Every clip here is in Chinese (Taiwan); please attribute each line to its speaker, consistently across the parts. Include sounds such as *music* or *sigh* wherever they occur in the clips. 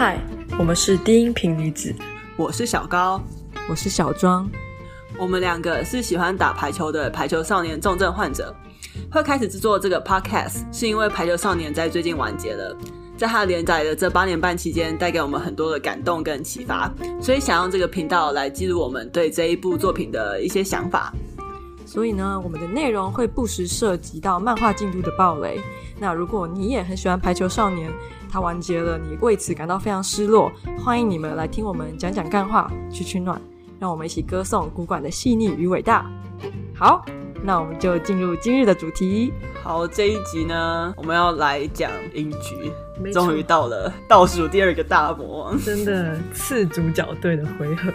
Speaker 1: 嗨，Hi, 我們是低音頻女子，我是小高，我是小
Speaker 2: 莊，我們兩個是喜歡打排球的排球少年重症患者。會開始製作這個 podcast 是因為《排球少年》在最近完結了，在他連載的這八年半期間，帶給我們很多的感動跟啟發，所以想用這個頻道來記錄我們對這一部作品的一些想法。
Speaker 1: 所以呢，我們的內容會不時涉及到漫畫進度的暴雷。那如果你也很喜歡《排球少年》，它完結了，你為此感到非常失落。歡迎你們來聽我們講講幹話，取取暖，讓我們一起
Speaker 2: 歌頌古館的細膩與偉大。
Speaker 1: 好，那我們就進入今日的主題。
Speaker 2: 好，這一集呢，我們要來講音駒。錯終於到了倒數第二個大魔王，真的
Speaker 1: 是主角隊的回合。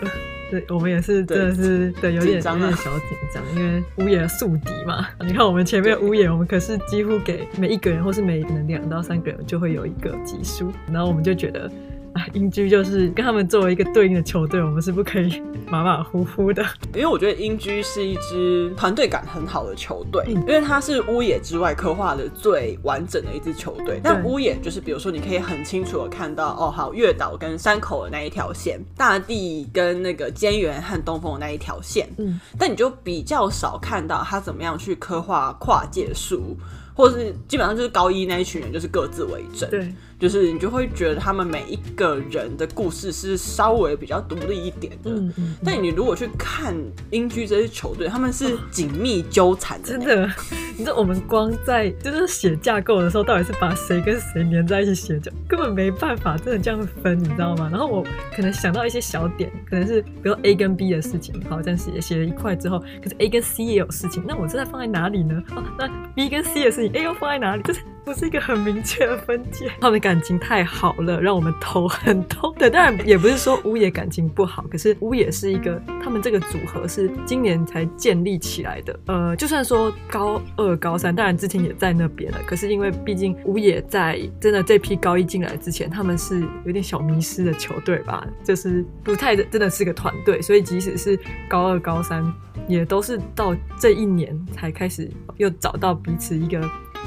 Speaker 1: 對，我們也是，真的是對，對，對，有點有點小緊張，張因為烏野宿敵嘛。你看我們前面烏野，我們可是幾乎給每一個人，或是每兩到三個人就會有一個集數，然後我們就覺得。啊、音駒就是跟他們作為一個對應的球隊，我們是不可以馬馬虎
Speaker 2: 虎的，因為我覺得音駒是一支團隊感很好的球隊，嗯、因為他是烏野之外刻畫的最完整的一支球隊。對但烏野就是，比如說你可以很清楚的看到，哦，好，月島跟山口的那一條線，大地跟那個菅原和東峰的那一條線，嗯，但你就比較少看到他怎麼樣去刻畫跨界樹，或是基本上就是高一那一群人就是各自為政，對。就是你就會覺得他們每一個人的故事是稍微比較獨立一點的，嗯嗯、但你如果去看音駒這些球隊，他們是緊密糾纏的、嗯、真的，你知道我們
Speaker 1: 光在就是寫架構的時候，到底是把誰跟誰粘在一起寫，就根本沒辦法真的這樣分，你知道嗎？然後我可能想到一些小點，可能是比如說 A 跟 B 的事情，好，這樣寫寫了一塊之後，可是 A 跟 C 也有事情，那我是在放在哪裡呢、哦？那 B 跟 C 的事情，A 又放在哪裡？就是。不是一個很明確的分界，他們感情太好了，讓我們頭很痛。對，當然也不是說烏野感情不好，可是烏野是一個，他們這個組合是今年才建立起來的。呃，就算說高二、高三，當然之前也在那邊了，可是因為畢竟烏野在真的這批高一進來之前，他們是有點小迷失的球隊吧，就是不太的，真的是個團隊，所以即使是高二、高三，也都是到這一年才開始又找到彼此一個。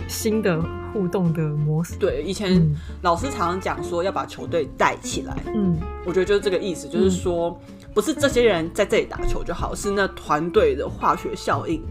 Speaker 1: 新的互動的模
Speaker 2: 式，對，以前老師常常講說要把球隊帶起來，嗯，我覺得就是這個意思，就是說。嗯不是這些人在這裡打球就好，是那團隊的化學效應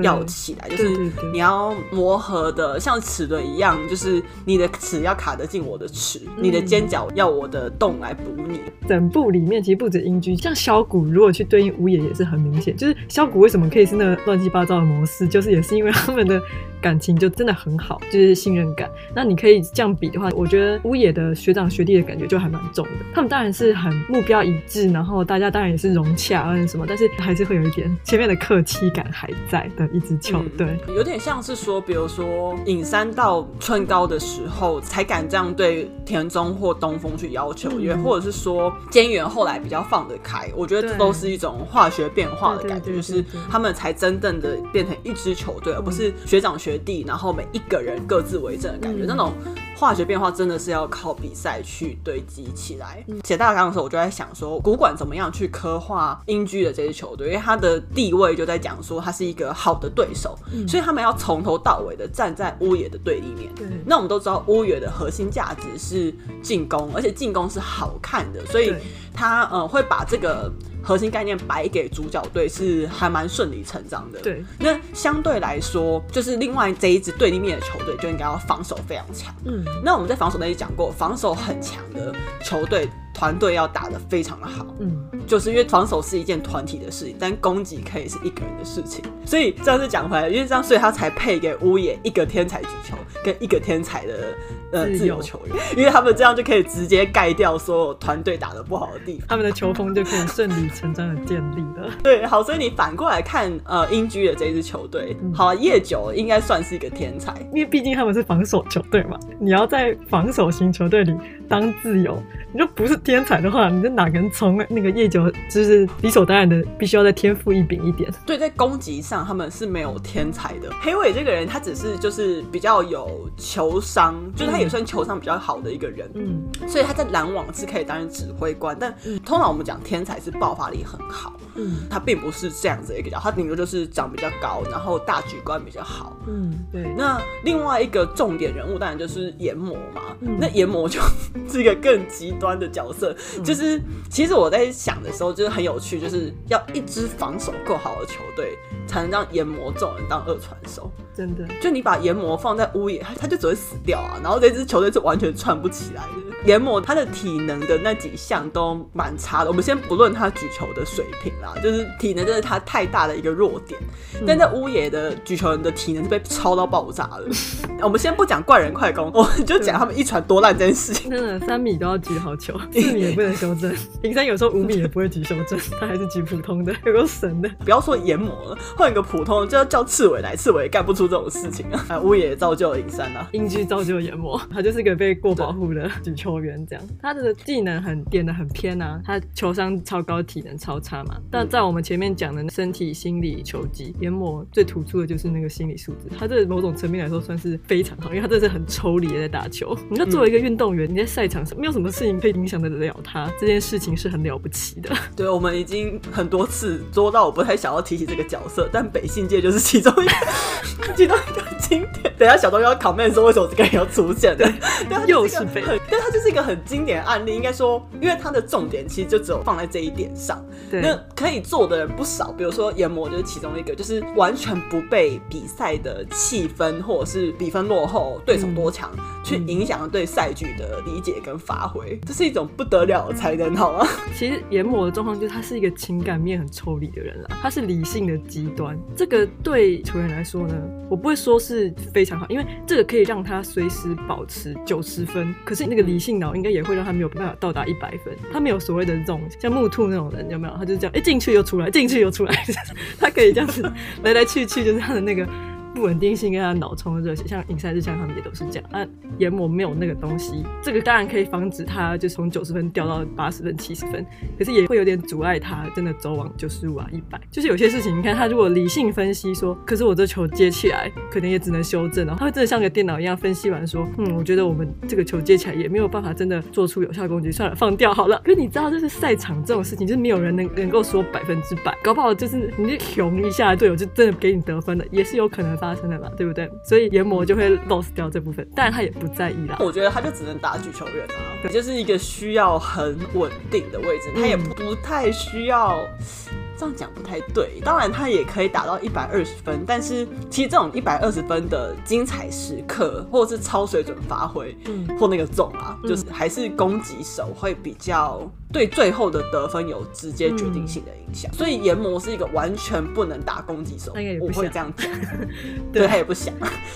Speaker 2: 要起來，對就是你要磨合的像齒輪一樣，對對對，就是你的齒要卡得進我的齒，嗯、你的尖角要我的洞來補你。
Speaker 1: 整部裡面其實不止音駒，像梟谷如果去對應烏野也是很明顯，就是梟谷為什麼可以是那個亂七八糟的模式，就是也是因為他們的感情就真的很好，就是信任感。那你可以這樣比的話，我覺得烏野的學長學弟的感覺就還蠻重的，他們當然是很目標一致，然後大家。當然也是融洽，還是什麼，但是還是會有一點前面的客氣感還在的，一支球隊，嗯、
Speaker 2: 對有點像是說，比如說影山到春高的時候才敢這樣對田中或東峰去要求，嗯嗯也或者是說菅原後來比較放得開，我覺得這都是一種化學變化的感覺，對對對對對就是他們才真正的變成一支球隊，嗯、而不是學長學弟，然後每一個人各自為政的感覺，嗯、那種。化學變化真的是要靠比賽去堆積起來。寫大綱的時候，我就在想說，古舘怎麼樣去刻畫音駒的這支球隊，因為他的地位就在講說他是一個好的對手，所以他們要從頭到尾的站在烏野的對立面。對那我們都知道烏野的核心價值是進攻，而且進攻是好看的，所以他呃會把這個。核心概念擺給主角隊是還蠻順理成章的。對，那相對來說，就是另外這一支對立面的球隊就應該要防守非常強。嗯，那我們在防守那裡講過，防守很強的球隊團隊要打得非常的好。嗯，就是因為防守是一件團體的事情，但攻擊可以是一個人的事情。所以這樣子講回來，因為這樣，所以他才配給烏野一個天才舉球跟一個天才的呃自由球員，因為他們這樣就可以直接蓋掉所有團隊打得不好的地
Speaker 1: 方，他們的球風就非常順利。 *laughs* 成長的建立的，
Speaker 2: 對，好，所以你反過來看，呃，音駒的這支球隊，好，啊，夜久應該算是一個天才，
Speaker 1: 因為畢竟他們是防守球隊嘛，你要在防守型球隊裡當自由。你就不是天才的話，你就哪根蔥？那個夜久就是理所當然的，必須要再天賦異禀一點。
Speaker 2: 對，在攻擊上他們是沒有天才的。黑尾這個人，他只是就是比較有球商，就是他也算球商比較好的一個人。嗯對，所以他在攔網是可以擔任指揮官。嗯、但通常我們講天才是爆發力很好，嗯，他並不是這樣子的一個角，他頂多就是長比較高，然後大局觀比較好。嗯，對。那另外一個重點人物當然就是研磨嘛。嗯、那研磨就是一個更激動。的角色就是，嗯、其實我在想的時候就是很有趣，就是要一支防守夠好的球隊才能讓研磨眾人當二傳手，真的。就你把研磨放在烏野，他他就只會死掉啊，然後這支球隊是完全串不起來的。研磨他的體能的那幾項都蠻差的，我們先不論他舉球的水平啦，就是體能就是他太大的一個弱點。
Speaker 1: 嗯、但在
Speaker 2: 烏野的舉球人的體能就被操到爆炸了。嗯、我們先不講怪人快攻，我們就講他們一傳多爛這件事。真、嗯、 *laughs* 的，三米都要舉好球，四米也不能修正。影 *laughs* 山有時候五米也不會舉修正，他還是舉普通的，有夠神的。不要說研磨了，換一個普通就要叫赤葦來，赤葦也幹不出這種事情啊。烏、哎、野造就影山啊，音駒造就研磨，他就是一個被過保護的對舉球人。員
Speaker 1: 這樣，他的技能很點的很偏啊，他球商超高，體能超差嘛。但在我們前面講的身體、心理、球技、研磨，最突出的就是那個心理素質。他這某種層面來說算是非常好，因為他真的是很抽離的在打球。你看，作為一個運動員，嗯、你在賽場上沒有什麼事情可以影響得了他，這件事情是很了不起
Speaker 2: 的。對，我們已經很多次捉到，我不太想要提起這個角色，但北信界就是其中一個， *laughs* 其中一個經典。等一下小東要 comment 說為什麼這個人要出現的？對，又是北，但他。這是一個很經典的案例，應該說，因為他的重點其實就只有放在這一點上。對，那可以做的人不少，比如說研磨就是其中一個，就是完全不被比賽的氣氛或者是比分落後、對手多強、嗯、去影響對賽局的理解跟發揮，嗯、這是一種不得了的才能，好嗎？其實研磨的狀況就是他是一個情感面很抽
Speaker 1: 離的人啦，他是理性的極端，這個對球員來說呢，我不會說是非常好，因為這個可以讓他隨時保持九十分，可是那個理。應該也會讓他沒有辦法到達一百分，他沒有所謂的這種像木兔那種人，有沒有？他就是這樣，一、欸、進去又出來，進去又出來， *laughs* 他可以這樣子來來去去，就是他的那個。不穩定性跟他腦充的熱血，像影山日向他們也都是這樣。那研磨沒有那個東西，這個當然可以防止他，就從九十分掉到八十分、七十分，可是也會有點阻礙他真的走往九十五啊一百。就是有些事情，你看他如果理性分析說，可是我這球接起來，可能也只能修正，然後他會真的像個電腦一樣分析完說，嗯，我覺得我們這個球接起來也沒有辦法真的做出有效攻擊，算了，放掉好了。可是你知道，就是賽場這種事情，就是沒有人能能夠說百分之百，搞不好就是你就窮一下隊友就真的給你得分了，也是有可能發生的吧，對不對？所以研磨就會 lost 掉這部分，但他也不在意啦。我覺得他就
Speaker 2: 只能打舉球員啊，就是一個需要很穩定的位置，嗯、他也不太需要。這樣講不太對，當然他也可以打到一百二十分，但是其實這種一百二十分的精彩時刻，或者是超水準發揮，嗯，或那個重啊，嗯、就是還是攻擊手會比較對最後的得分有直接決定性的影響。嗯、所以研磨是一個完全不能打攻擊手，他應該也不會這樣講， *laughs* 對，他也不想。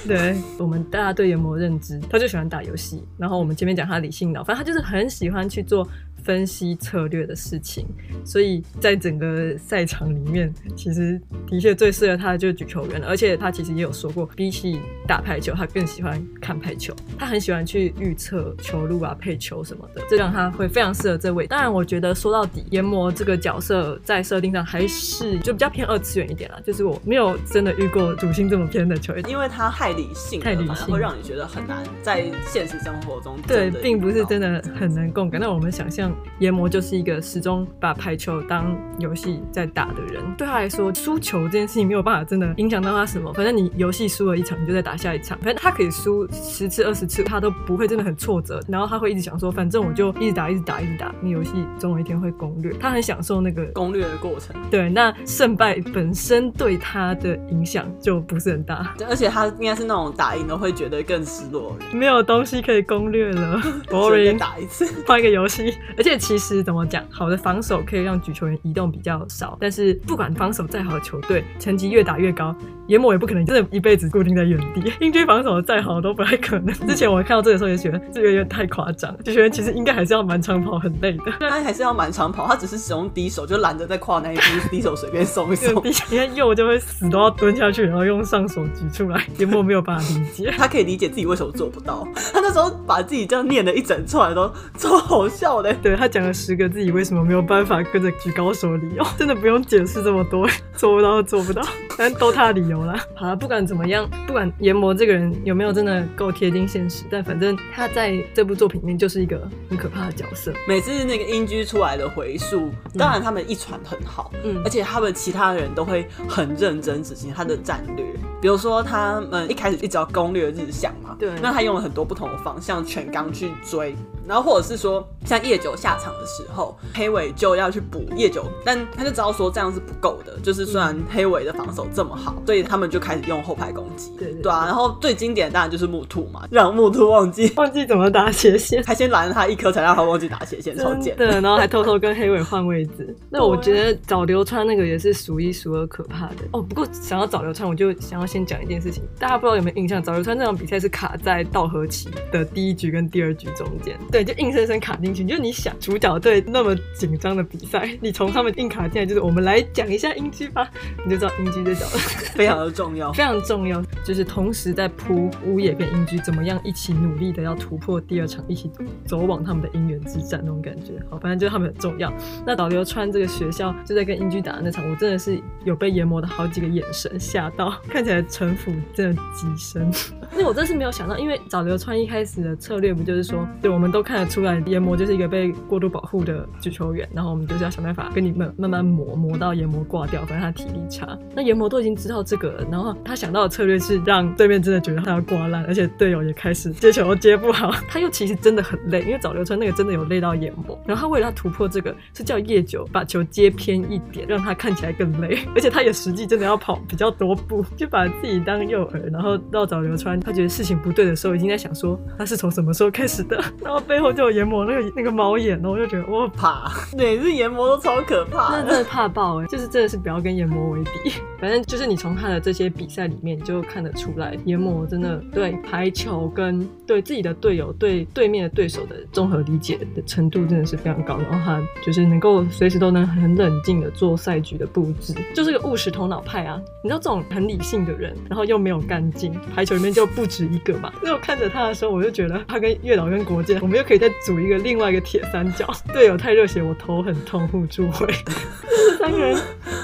Speaker 1: 對， *laughs* 對，我們大家對研磨認知，他就喜歡打遊戲，然後我們前面講他理性腦，反正他就是很喜歡去做分析策略的事情，所以在整個賽場裡面，其實的確最適合他的就是舉球員，而且他其實也有說過，比起打排球，他更喜歡看排球，他很喜歡去預測球路啊、配球什麼的，這讓他會非常適合這位。當然，我覺得說到底，研磨這個角色在設定上還是就比較偏二次元一點啦，就是我沒有真的遇過主心這麼偏的球員，因為他太理
Speaker 2: 性，太理性會讓你覺得很難在現實生活中對，對，
Speaker 1: 並不是真的很難共感。那我們想象。研磨就是一個始終把排球當遊戲在打的人，對他來說，輸球這件事情沒有辦法真的影響到他什麼。反正你遊戲輸了一場，你就再打下一場。反正他可以輸十次、二十次，他都不會真的很挫折。然後他會一直想說，反正我就一直打、一直打、一直打，你遊戲總有一天會攻略。他很享受那個攻略的過程。對，那勝敗本身對他的影響就不是很大。
Speaker 2: 而且他應該是那種打贏了會覺得更失落，
Speaker 1: 沒有東西可以攻略了，boring，打一次，換 *laughs* 一個遊戲。 *laughs* 而且其實怎麼講，好的防守可以讓舉球員移動比較少。但是不管防守再好的球隊，成績越打越高，研磨也不可能真的一輩子固定在原地。音
Speaker 2: 駒防守再好都不太可能。之前我看到這個時候也覺得這個有點太誇張，就覺得其實應該還是要滿場跑很累的。他還是要滿場跑，他只是使用低手就懶得再跨那一步，低 *laughs* 手隨便鬆一鬆。你看右就會死都要蹲下去，然後用上手舉出來。研 *laughs* 磨沒有辦法理解，他可以理解自己為什麼做不到。他那時候把自己這樣念了一整串都，都超好笑的。他講了十個自己為什麼沒有辦法跟着舉高手的理由，真的不用解釋這
Speaker 1: 麼多，做不到做不到，但都他的理由啦。好了，不管怎麼樣，不管研磨這個人有沒有真的夠貼近現實，但反正他在這部作品裡面就是一個很可怕
Speaker 2: 的角色。每次那個音駒出來的回溯，當然他們一傳很好，嗯，而且他們其他人都會很認真執行他的戰略。比如說他們一開始一直要攻略日向嘛，對，那他用了很多不同的方向全剛去追。然後或者是說，像夜久下場的時候，黑尾就要去補夜久，但他就知道說這樣是不夠的，就是雖然黑尾的防守這麼好，所以他們就開始用後排攻擊。對對，對，對啊，然後最經典的當然就是木兔嘛，讓木兔忘記忘記怎麼打斜線，還先攔了他一顆才讓他忘記打斜線，超賤。對，然後還偷偷跟黑尾換位置。 *laughs* 那我覺得早流川那個也
Speaker 1: 是數一數二可怕的哦。不過想要早流川，我就想要先講一件事情，大家不知道有沒有印象，早流川這場比賽是卡在稻荷崎的第一局跟第二局中間。對。就硬生生卡進去，就你想主角隊那麼緊張的比賽，你從他們硬卡進來，就是我們來講一下音駒吧，你就知道音駒這角 *laughs* 非常的重要， *laughs* 非常重要，就是同時在撲烏野跟音駒怎麼樣一起努力的要突破第二場，一起走往他們的姻緣之戰那種感覺。好，反正就是他們很重要。那導流川這個學校就在跟音駒打的那場，我真的是有被研磨的好幾個眼神嚇到，看起來城府真的極深。 *laughs* 那我真是沒有想到，因為導流川一開始的策略不就是說，對，我們都。看得出來，研磨就是一個被過度保護的舉球員，然後我們就是要想辦法跟你們慢慢磨，磨到研磨掛掉，反正他體力差。那研磨都已經知道這個了，然後他想到的策略是讓對面真的覺得他要掛爛，而且隊友也開始接球接不好。他又其實真的很累，因為早流川那個真的有累到研磨，然後他為了他突破這個，是叫夜久把球接偏一點，讓他看起來更累，而且他也實際真的要跑比較多步，就把自己當誘餌，然後到早流川他覺得事情不對的時候，已經在想說他是從什麼時候開始的，然後。背後就有研磨那個那個貓眼哦，我就覺得我怕，每次研磨都超可怕，那真的怕爆哎、欸，就是真的是不要跟研磨為敵。反正就是你從他的這些比賽裡面就看得出來，研磨真的對排球跟對自己的隊友、對對面的對手的綜合理解的程度真的是非常高，然後他就是能夠隨時都能很冷靜的做賽局的布置，就是個務實頭腦派啊。你知道這種很理性的人，然後又沒有幹勁，排球裡面就不止一個嘛。所以 *laughs* 我看着他的時候，我就覺得他跟月島跟國見，我們。就可以再組一個另外一個鐵三角隊友，太熱血，我頭很痛。互助會 *laughs* 三個人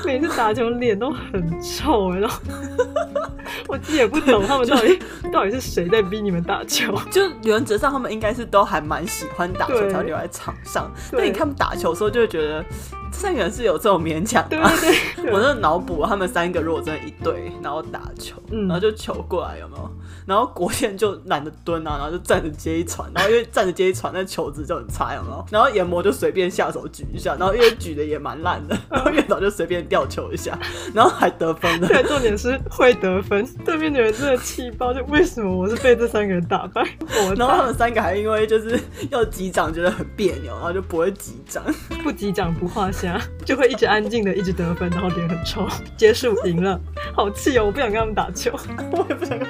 Speaker 1: 每次打球臉都很臭，然後
Speaker 2: *laughs* 我也不懂他們到底、就是、到底是誰在逼你們打球。就原則上他們應該是都還蠻喜歡打球才要留在場上。對但你看他們打球的時候，就會覺得三個人是有這種勉強、啊。對對對，對我那腦補他們三個如果真的一隊，然後打球，然後就球過來有沒有？嗯、然後國見就懶得蹲啊，然後就站着接一傳，然後因為站着接。那球子就很差哦，然後研磨就隨便下手舉一下，然後因為舉的也蠻爛的。月島 *laughs* 就隨便吊球一下，然後還得分的對。重點是會得分，對面的人真的氣爆！就為什麼我是被這三個人打敗？我，然後他們三個還因為就是要擊掌覺得很
Speaker 1: 別扭，然後就不會擊掌，不擊掌不畫下，就會一直安靜的一直得分，然後臉很臭。結束贏了，好氣哦！我不想跟他們打球，我也不想跟。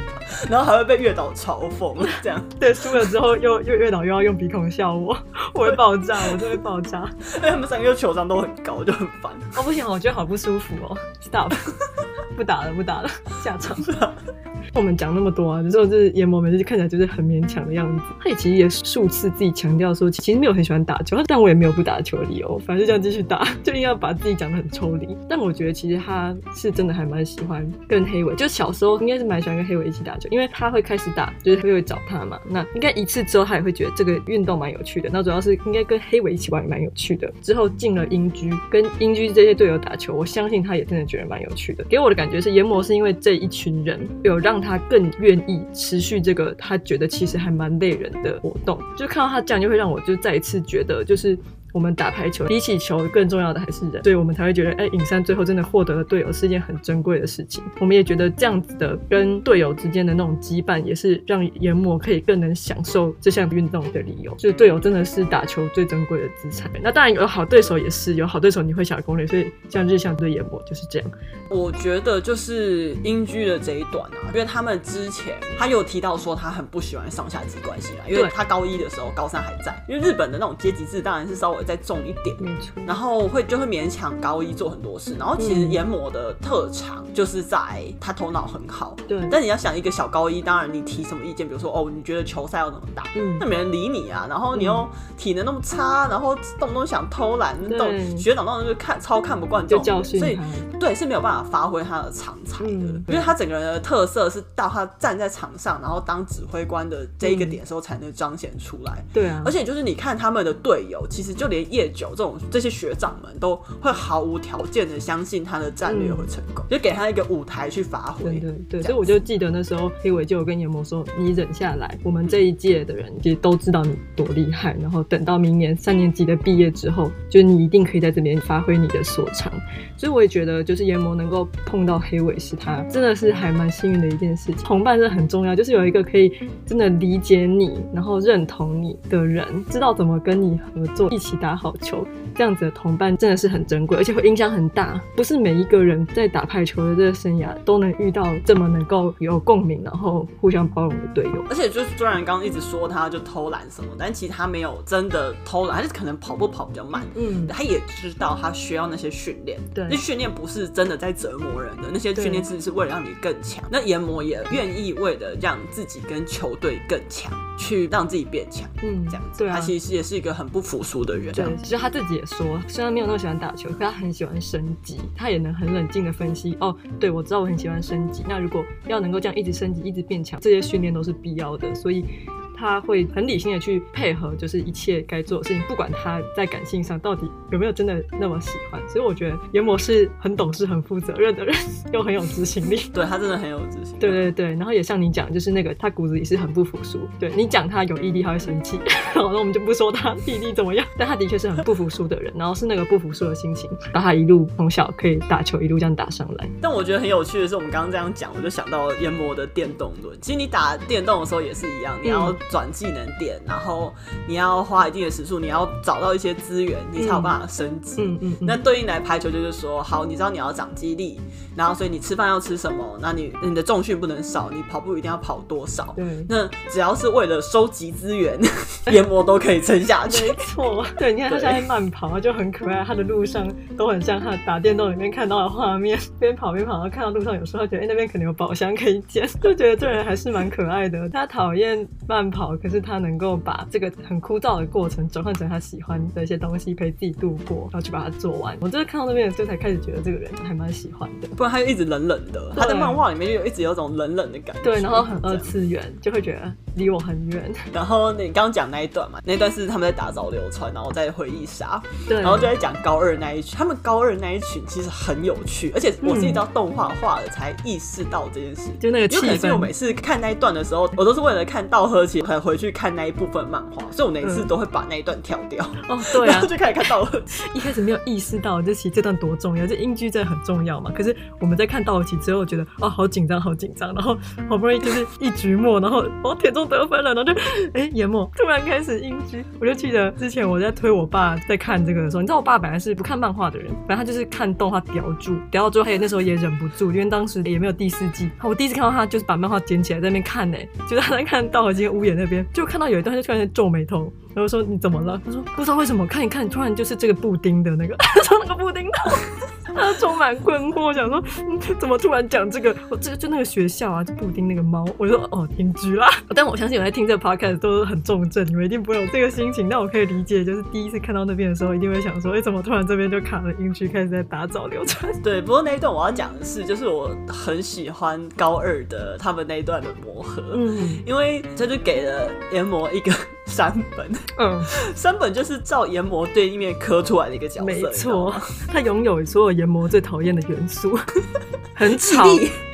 Speaker 1: 然後還
Speaker 2: 會被月島嘲諷，這樣對輸了之後又又月島又要。用鼻孔笑我，我會爆炸，對 我真的會爆炸。哎，他們三個又球商都很高，就很煩。哦，喔、不行，我覺得好不舒服
Speaker 1: 哦、喔，知道吧？ *laughs* 不打了，不打了， *laughs* 下場了。 *laughs* 我們講那麼多啊，有時候就是研磨每次就看起來就是很勉強的樣子。他也其實也數次自己強調說，其實沒有很喜歡打球，但我也沒有不打球的理由，反正就這樣繼續打，就硬要把自己講得很抽離。但我覺得其實他是真的還蠻喜歡跟黑尾，就小時候應該是蠻喜歡跟黑尾一起打球，因為他會開始打，就是他會會找他嘛。那應該一次之後，他也會覺得這個運動蠻有趣的。那主要是應該跟黑尾一起玩也蠻有趣的。之後進了音駒，跟音駒這些隊友打球，我相信他也真的覺得蠻有趣的。給我的感覺是研磨是因為這一群人有讓。讓他更願意持續這個他覺得其實還蠻累人的活動，就看到他這樣，就會讓我就再一次覺得就是。我們打排球，比起球更重要的還是人，所以我們才會覺得，哎、欸，音駒最後真的獲得了隊友是一件很珍貴的事情。我們也覺得這樣子的跟隊友之間的那種羈絆，也是讓研磨可以更能享受這項運動的理由。就是隊友真的是打球最珍貴的資產。那當然有好對手也是有好對手，你會想攻略，所以像日向對研磨就是這樣。
Speaker 2: 我覺得就是音駒的這一段啊，因為他們之前他有提到說他很不喜歡上下級關係啊，因為他高一的時候高三還在，因為日本的那種階級制當然是稍微再重一點，然後會就會勉強高一做很多事，然後其實研磨的特長就是在他頭腦很好，對、嗯。但你要想一個小高一，當然你提什麼意見，比如說哦，你覺得球賽要怎麼打，那沒、嗯、人理你啊。然後你又體能那麼差，然後動不動想偷懶，那都、嗯、學長那種就看超看不慣，就教訓、啊、所以對是沒有辦法發揮他的長才的，嗯、因為他整個人的特色是到他站在場上，然後當指揮官的這一個點時候才能彰顯出來、嗯。對啊，而且就是你看他們的隊友，其實就連。夜久這種，這些學長們都會毫無條件的相信他的戰略會成功，嗯、就給他一個舞台去發揮。
Speaker 1: 對對對，所以我
Speaker 2: 就記得那時候黑尾就
Speaker 1: 有跟研磨說：“你忍下來，我們這一屆的人其實都知道你多厲害，然後等到明年三年級的畢業之後，就你一定可以在這邊發揮你的所長。”所以我也覺得，就是研磨能夠碰到黑尾，是他真的是還蠻幸運的一件事情。同伴是很重要，就是有一個可以真的理解你，然後認同你的人，知道怎麼跟你合作，一起打。打、啊、好球。這樣子的同伴真的是很珍貴，而且會影響很大，不是每一個人在打排球的這個生涯都能遇到這麼能夠有共鳴，然後互相包容的隊友。而
Speaker 2: 且就是雖然剛剛一直說他就偷懶什麼，嗯、但其實他沒有真的偷懶，他是可能跑步跑比較慢。嗯，他也知道他需要那些訓練。對，那訓練不是真的在折磨人的，那些訓練只是為了讓你更強。對那研磨也願意為了讓自己跟球隊更強，去讓自己變強。嗯，這樣子。對、啊、他其實也是一個很不服輸的人。對，其
Speaker 1: 實他自己。說雖然沒有那麼喜歡打球，可他很喜歡升級。他也能很冷靜的分析。哦，對，我知道我很喜歡升級。那如果要能夠這樣一直升級，一直變強，這些訓練都是必要的。所以。他會很理性的去配合，就是一切該做的事情，不管他在感性上到底有沒有真的那麼喜歡。所以我覺得研磨是很懂事、很負責任的人，又很有執行力。對，他真的很有執行力。對對對，然後也像你講，就是那個他骨子裡是很不服輸。對你講他有毅力，他會生氣。然後我們就不說他毅力怎麼樣，但他的確是很不服輸的人。 *laughs* 然後是那個不服輸的心情，把他一路從小可以打球，一路這樣打上來。
Speaker 2: 但我覺得很有趣的是，我們剛剛這樣講，我就想到研磨的電動輪。其實你打電動的時候也是一樣，你要、嗯。轉技能點，然後你要花一定的時數，你要找到一些資源，嗯、你才有辦法升級。嗯嗯。嗯嗯，那對應來排球就是說，好，你知道你要長肌力，然後所以你吃飯要吃什麼？那你你的重訓不能少，你跑步一定要跑多少？對。那只要是為了收集資源，對 *laughs* 研磨都可以撐下去。沒
Speaker 1: 錯。對，你看他現在慢跑，對就很可愛。他的路上都很像他打電動裡面看到的畫面，邊跑邊跑，然後看到路上有時候覺得，哎、欸，那邊可能有寶箱可以撿，就覺得這人還是蠻可愛的。他討厭慢跑。好，可是他能夠把這個很枯燥的過程轉換成他喜歡的一些東西，陪自己度過，然後去把它做完。我就是看到那邊就才開始覺得這個人還蠻
Speaker 2: 喜歡的。不然他就一直冷冷的，對他的漫畫裡面就一直有種冷冷的感覺。對，然
Speaker 1: 後很二次元，就會覺得離我很遠。
Speaker 2: 然後你剛講那一段嘛，那一段是他們在打掃流川，然後在回憶殺，對，然後就在講高二那一群，他們高二那一群其實很有趣，而且我是到動畫化了才意識到這件事，就那個氣氛。因為我每次看那一段的時候，我都是為了看道和晴。很回去看那一部分漫畫，所以，我每次都會把那一段跳掉。哦、嗯，oh, 對
Speaker 1: 啊， *laughs* 然後就開始看到了， *laughs* 一開始沒有意識到，就其實這段多重要，就英劇真的很重要嘛。可是我們在看到一起之後，覺得啊、哦、好緊張，好緊張。然後好不容易就是一局末，然後哦，田中得分了，然後就哎，研磨突然開始英劇。我就記得之前我在推我爸在看這個的時候，你知道我爸本來是不看漫畫的人，然後他就是看動畫吊住，吊到最後，他也那時候也忍不住，因為當時也沒有第四季。我第一次看到他就是把漫畫撿起來在那邊看呢、欸，就他在看到我今天屋檐。那邊就看到有一段，就突然間，皺眉頭，然後說：“你怎麼了？”他說：“不知道為什麼，看一看，突然就是這個布丁的那個， *laughs* 說那個布丁的。”他充滿困惑，我想說，嗯，怎麼突然講這個？我這個就那個學校啊，布丁那個貓，我就說哦，音駒啦。但我相信我在聽這 podcast 都是很重症，你們一定不會有這個心情。那我可以理解，就是第一次看到那邊的時候，一定會想說，為、欸、什麼突然這邊就卡了音駒，開始在打掃流程。
Speaker 2: 對，不過那一段我要講的是，就是我很喜歡高二的他們那一段的磨合，嗯、因為這就給了研磨一個。 *laughs* 山本，嗯，山本就是照研磨對立面磕出來的一個角色，沒錯錯，
Speaker 1: 他擁有所有研磨最討厭的元
Speaker 2: 素， *laughs* 很吵，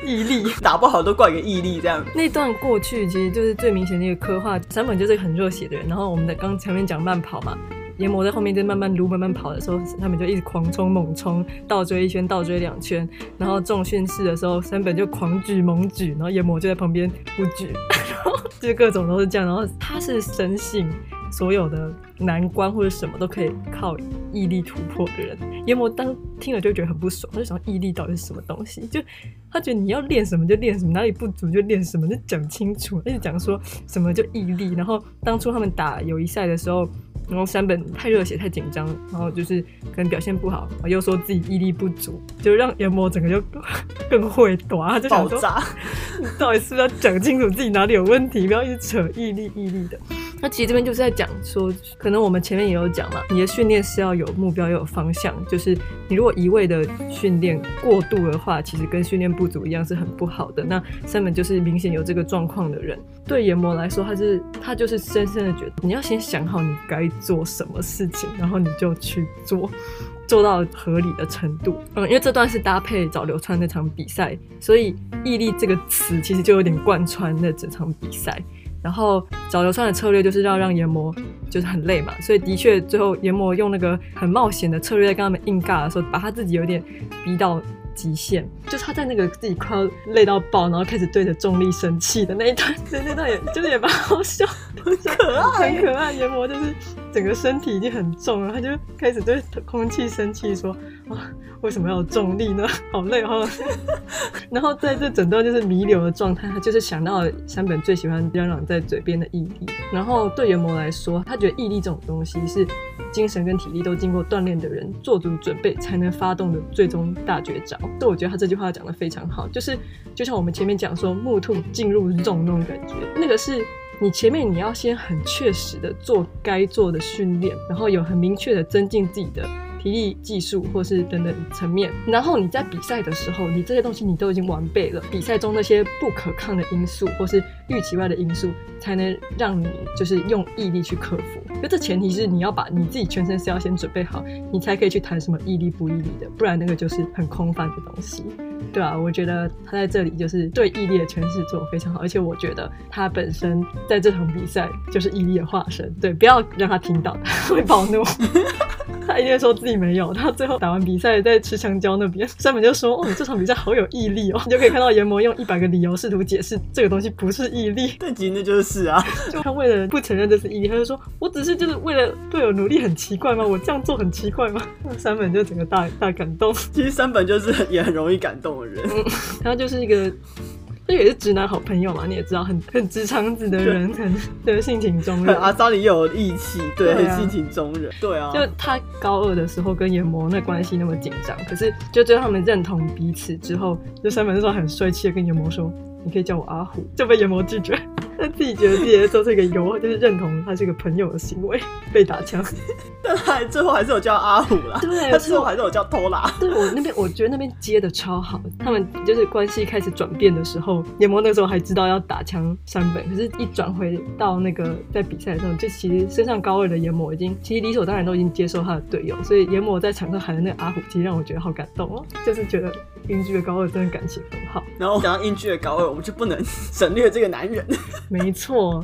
Speaker 2: 毅力打不好都怪個毅力這樣。
Speaker 1: 那段過去其實就是最明顯的一個刻畫，山本就是很熱血的人。然後我們在剛前面講慢跑嘛。岩磨在後面就慢慢擼慢慢跑的時候，他們就一直狂衝猛衝，倒追一圈，倒追兩圈，然後重訓室的時候，三本就狂舉猛舉，然後研磨就在旁邊不舉，然後就各種都是這樣。然後他是深信所有的難關或者什麼都可以靠毅力突破的人。研磨當聽了就覺得很不爽，他就想說毅力到底是什麼東西？就他覺得你要練什麼就練什麼，哪裡不足就練什麼，就講清楚。他就講說什麼就毅力。然後當初他們打友誼賽的時候。然後山本太熱血太緊張，然後就是可能表現不好，然後又說自己毅力不足，就讓研磨整個就更會懟，就想說爆炸。 *laughs* 你到底是不是要講清楚自己哪裡有問題？不要一直扯毅力毅力的。那其實這邊就是在講說，可能我們前面也有講嘛，你的訓練是要有目標，有方向。就是你如果一味的訓練過度的話，其實跟訓練不足一樣是很不好的。那山本就是明顯有這個狀況的人，對研磨來說，他是他就是深深的覺得，你要先想好你該做什麼事情，然後你就去做，做到合理的程度。嗯，因為這段是搭配早流川那場比賽，所以毅力這個詞其實就有點貫穿了整場比賽。然後找硫酸的策略就是要讓，讓研磨就是很累嘛，所以的確最後研磨用那個很冒險的策略在跟他們硬尬的時候，把他自己有點逼到極限。就是他在那個自己快要累到爆，然後開始對着重力生氣的那一段， *laughs* 那一段也就是也蠻好笑的， *laughs* 很可愛，很可愛。研磨就是整個身體已經很重了，他就開始對空氣生氣，說、哦、啊，為什麼要有重力呢？好累哦。 *laughs* *laughs* 然後在這整段就是彌留的狀態，他就是想到了山本最喜歡嚷嚷在嘴邊的毅力。然後對研磨來說，他覺得毅力這種東西是精神跟體力都經過鍛鍊的人做足準備才能發動的最終大絕招。就我覺得他這句話。話講得非常好，就是就像我們前面講說，木兔進入肉那種感覺，那個是你前面你要先很確實的做該做的訓練，然後有很明確的增進自己的體力、技術或是等等層面，然後你在比賽的時候，你這些東西你都已經完備了，比賽中那些不可抗的因素或是預期外的因素，才能讓你就是用毅力去克服。因這前提是你要把你自己全身是要先準備好，你才可以去談什麼毅力不毅力的，不然那個就是很空泛的東西。對啊，我覺得他在這裡就是對毅力的詮釋做非常好，而且我覺得他本身在這場比賽就是毅力的化身。對，不要讓他聽到，他會暴怒。 *laughs* 他一定說自己沒有。他最後打完比賽在吃香蕉那邊，山本就說：“哦，你這場比賽好有毅力哦。”你就可以看到研磨用一百個理由試圖解釋這個東西不是毅力。對，其實那就是啊。就他為了不承認這是毅力，他就說我只是就是為了隊友努力，很奇怪嗎？我這樣做很奇怪嗎？那山本就整個大大感動。其實山本就是也很容易感動。嗯，他就是一個，這也是直男好朋友嘛，你也知道，很很直腸
Speaker 2: 子的人，很對，性情中人。阿昭你又有義氣，對，性情中人，對，對啊。對啊，就
Speaker 1: 他高二的時候跟研磨那關係那麼緊張，對可是就最後他們認同彼此之後，就身份上面那種很帥氣的跟研磨說。你可以叫我阿虎，就被研磨拒絕。他自己覺得自己做這個友，就是認同他這個朋友的行為，被打槍。 *laughs* 但他還最後還是有叫阿虎啦。對，他最後還是有叫偷拉。對我那邊，我覺得那邊接的超好。嗯、他們就是關係開始轉變的時候，研磨那個時候還知道要打槍山本，可是，一轉回到那個在比賽的時候，就其實升上高二的研磨已經其實理所當然都已經接受他的隊友，所以研磨在場上喊的那個阿虎，其實讓我覺得好感動哦、喔。就是覺得
Speaker 2: 音駒的高二真的感情很好。然後講到音駒的高二。我們就不能省略這個男人沒
Speaker 1: 錯。沒錯，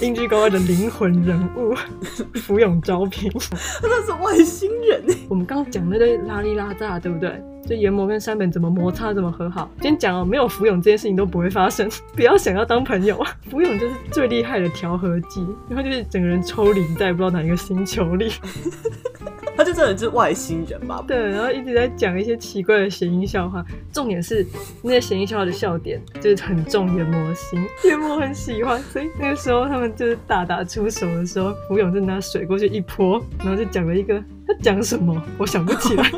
Speaker 1: 《音駒高二》的靈魂人物福永 *laughs* 招平。那是外星人。我們剛剛講那對拉里拉扎，對不對？就研磨跟山本怎麼摩擦，怎麼和好？今天講哦，沒有福永這件事情都不會發生。不要想要當朋友，福永就是最厲害的調和劑。然後就是整個人抽離在，不知道哪一個星球裡。 *laughs* 他就真的是外星人吧？對，然後一直在講一些奇怪的諧音笑話，重點是那些、個、諧音笑話的笑點就是很重研磨型，研磨 *laughs* 很喜歡，所以那個時候他們就是大打，打出手的時候，福永就拿水過去一潑，然後就講了一個。講什麼？我想不起來。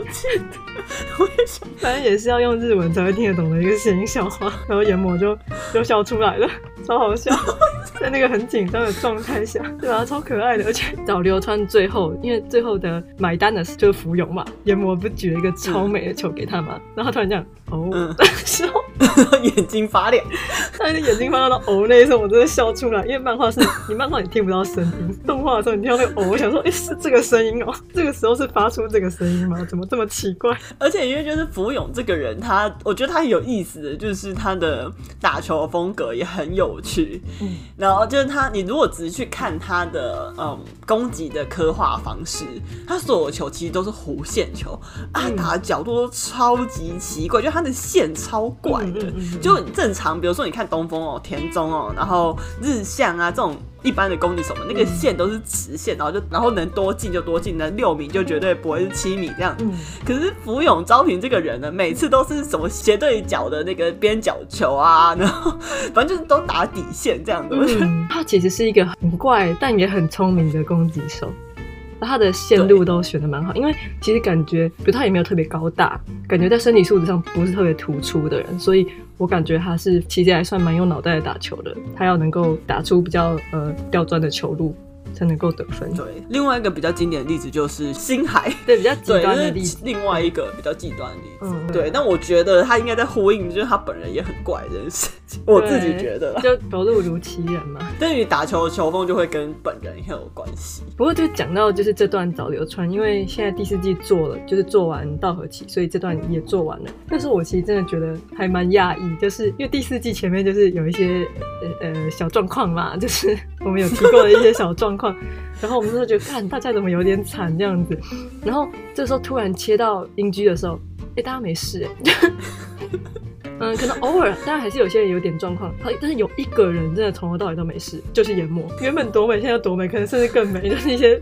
Speaker 1: 我也想，反正也是要用日文才會聽得懂的一個諧音笑話，然後研磨就就笑出來了，超好笑， *laughs* 在那個很緊張的狀態下，對吧？超可愛的。而且找流川最後，因為最後的買單的是就是浮游嘛，研磨不舉了一個超美的球給他嘛， *laughs* 然後突然這樣。哦，那時候眼睛發亮， *laughs* 但是眼睛發亮到哦， *laughs* 那時候我真的笑出來，因為漫畫是你漫畫你聽不到聲音， *laughs* 動畫的時候你聽到哦，我想說，哎、欸，是這個聲
Speaker 2: 音哦、喔，這個時候是發出這個聲音嗎？怎麼這麼奇怪？而且因為就是福永這個人，他我覺得他有意思的就是他的打球的風格也很有趣，嗯，然後就是他，你如果只是去看他的嗯攻擊的刻畫方式，他所有球其實都是弧線球，啊，打的角度都超級奇怪，嗯、就。他的線超怪的，就正常，比如說你看東風哦、喔、田中哦、喔，然後日向啊這種一般的攻擊手嘛，那個線都是直線，然後就然後能多近就多近，能六米就絕對不會是七米這樣。可是福永招平這個人呢，每次都是什麼斜對角的那個邊角球啊，然後反正就是都打底線這樣的、
Speaker 1: 嗯。他其實是一個很怪但也很聰明的攻擊手。他的線路都選的蠻好，對因為其實感覺，比如他也沒有特別高大，感覺在身體素質上不是特別突出的人，所以我感覺他是其實還算蠻用腦袋打球的，他要能夠打出比較呃刁鑽的球路。才能夠得分。對，
Speaker 2: 另外一個比較經典的例子就是星海，對，比較極端的例子，就是，另外一個比較極端的例子。對，但我覺得他應該在呼應，就是他本人也很怪這件事情。對我自己覺得，就走路如，如其人嘛。對於打球的球風，就會跟本人也很有關係。
Speaker 1: 不過，就講到就是這段早流傳，因為現在第四季做了，就是做完稻荷崎，所以這段也做完了。但是我其實真的覺得還蠻訝異，就是因為第四季前面就是有一些呃呃小狀況嘛，就是我們有提過的一些小狀況。 *laughs* 然後我們那時候覺得，看大家怎麼有點慘這樣子。然後這時候突然切到音駒的時候，哎，大家沒事哎、欸。 *laughs* 嗯，可能偶爾，當然還是有些人有點狀況。好，但是有一個人真的從頭到尾都沒事，就是研磨。原本多美，現在多美，可能甚至更美。就是一些 *laughs*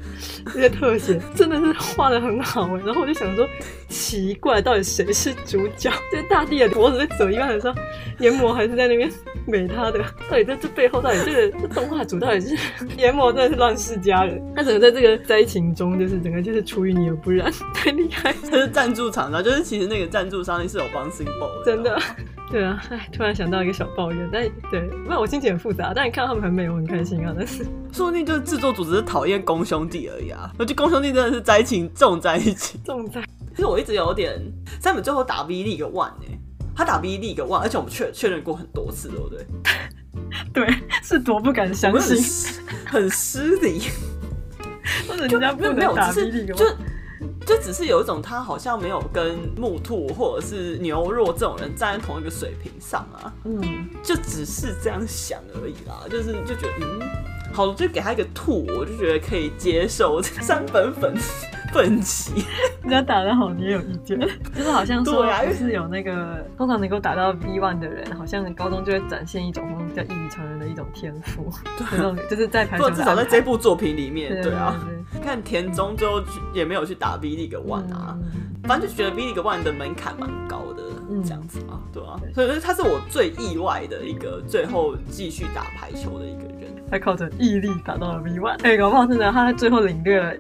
Speaker 1: 一些特寫，真的是畫得很好哎。然後我就想說，奇怪，到底誰是主角？這、就是、大地的脖子走一般來說研磨還是在那邊美他的？到底在這背後，到底這個 *laughs* 這動畫組，到底是研磨 *laughs* 真的是亂世佳人？他整個在這個災情中，就是
Speaker 2: 整個就是出淤泥而不染，太厲害。他是贊助廠商、啊，就是其實那個贊助商是有幫星寶真的。
Speaker 1: 對啊，哎，突然想到一個小抱怨，但對，那我心情很複雜。但你
Speaker 2: 看到他們很美，我很開心啊。但是說不定就是制作組只是討厭宮兄弟而已啊。而且宮兄弟真的是災情重災一起重災災。其實我一直有點，三本最後打 V League 1哎，他打 V League 1，而且我們確確認過很多次，對不對？ *laughs* 對，是多
Speaker 1: 不敢相信，很失禮，那人家
Speaker 2: 不能打 V League 1嗎？就只是有一種，他好像沒有跟木兔或者是牛若這種人站在同一個水平上啊。嗯，就只是這樣想而已啦，就是就覺得，嗯，好，就給他一個兔，我就覺得可以接受這三本粉。分歧，人
Speaker 1: 家打得好，你也有意見，就是好像說，對啊，是有那個通常能夠打到 V one 的人，好像高中就會展現一種叫異於常人的一種天賦，
Speaker 2: 對，就是在排球，至少在這部作品裡面，對啊，看田中最後也沒有去打 V League One 啊，反正就覺得 V League One 的門檻蠻高的，這樣子啊，對啊。所以他是我最意外的一個，最後繼續打排球的一個
Speaker 1: 人，他靠着毅力打到了 V one，哎，搞不好真的，他在最後領略了。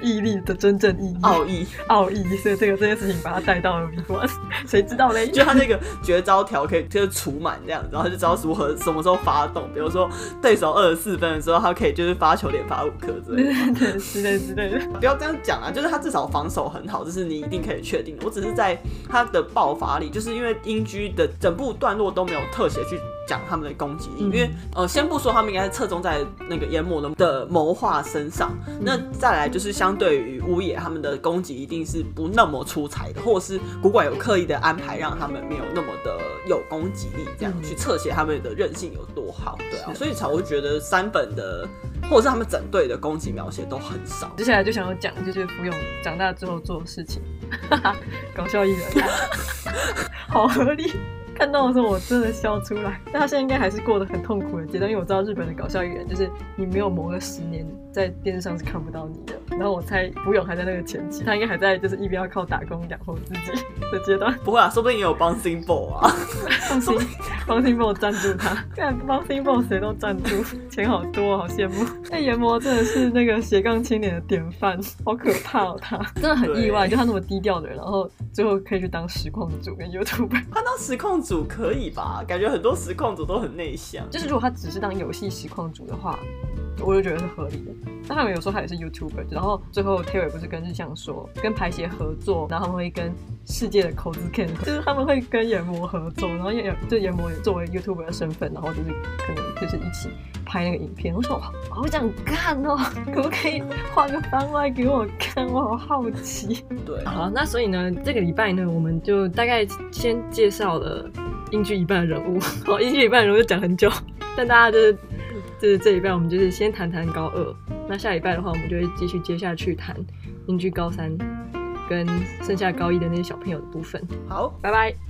Speaker 1: 毅力的真正意奧義，奧義，所以這個這件事情把他帶到了我，誰知道嘞？就他那個
Speaker 2: 絕招條可以就是除滿這樣子，然後就知道如何什麼時候發動。比如說對手二十四分的時候，他可以就是發球連發五顆之類的之類的之類的。不要這樣講啊，就是他至少防守很好，這是你一定可以確定的。我只是在他的爆發力，就是因為音駒的整部段落都沒有特寫去。講他們的攻擊力，因為呃，先不說他們應該是側重在那個研磨的的謀劃身上，那再來就是相對於烏野他們的攻擊，一定是不那麼出彩的，或者是古館有刻意的安排，讓他們沒有那麼的有攻擊力，這樣、嗯、去側寫他們的韌性有多好，對啊，是的 所以才會覺得三本的或者是他們整隊的攻擊描寫都很少。接下
Speaker 1: 來就想要講就是福永長大之後做的事情，哈
Speaker 2: 哈，搞笑藝人，
Speaker 1: *laughs* 好合理。看到的時候我真的笑出來，但他現在應該還是過得很痛苦的階段，因為我知道日本的搞笑藝人就是你沒有磨個十年，在電視上是看不到你的。然後我猜福勇還在那個前期，他應該還在就是一邊要靠打工養活自己
Speaker 2: 的階段。不會啊，說不定也有幫星 i m p l 啊，
Speaker 1: 幫星 i m l 贊助他，看幫星 i l 誰都贊助，錢好多，好羨慕。那、欸、炎魔真的是那個斜槓青年的典範，好可怕哦，他真的很意外，對就他那麼低調的人，然後最後可以去當時況的主跟 YouTube，
Speaker 2: 他當時主，可以吧？感覺很多實況主都很內向，就是如果他只
Speaker 1: 是當遊戲實況主的話。
Speaker 2: 我就覺得是合理的。
Speaker 1: 但他們有時候他也是 YouTuber，然後最後 Terry 不是跟日向說，跟排協合作，然後他們會跟世界的 c o s a n，就是他們會跟研磨合作，然後又就研磨作為 YouTuber 的身份，然後就是可能就是一起拍那個影片。我說我好想看哦、喔，可不可以畫個番外給我看？我好好奇。對，好，那所以呢，這個禮拜呢，我們就大概先介紹了音駒一半的人物。好，音駒一半的人物就講很久，但大家的。就是這禮拜，我們就是先談談高二。那下禮拜的話，我們就會繼續接下去談，音駒高三跟剩下高一的那些小朋友的部分。好，拜拜。